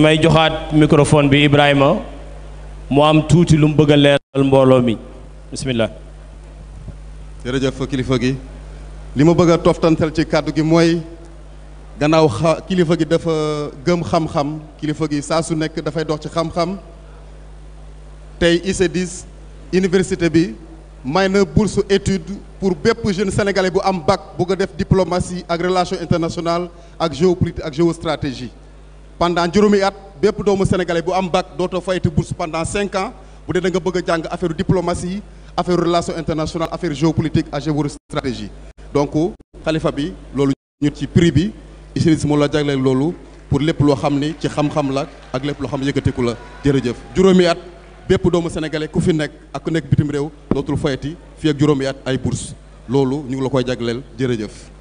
damay joxaat microphone bi Ibrahima moo am tuuti lu mu bëgg a leeral mbooloo mi bisimilah. jërëjëf kilifa gi li ma bëgg a toftantal ci kàddu gi mooy gannaaw xa kilifa gi dafa gëm xam-xam kilifa gi saa su nekk dafay dox ci xam-xam tey dis e université bi may na bourse étude pour bépp jeune sénégalais bu am bac bëgg a def diplomatie ak relation internationale ak géopolitique ak géostratégie. pandant juróomi at bépp doomu sénégalais bu am bac dootoo fayati bourse pendant cinq ans bu dee da nga bëgg a jàng affaire diplomatie affaire relation internationale affaire géopolitique ak géostratégie donc xalifa bi loolu ñu ci prix bi ISRIS moo la jagleel loolu pour lépp loo xam ni ci xam-xam la ak lépp loo xam yëkkatiku la jërëjëf juróomi at bépp doomu sénégalais ku fi nekk ak nekk bitim réew dootul fayati fii ak juróomi at ay bourse loolu ñu ngi la koy jagleel jërëjëf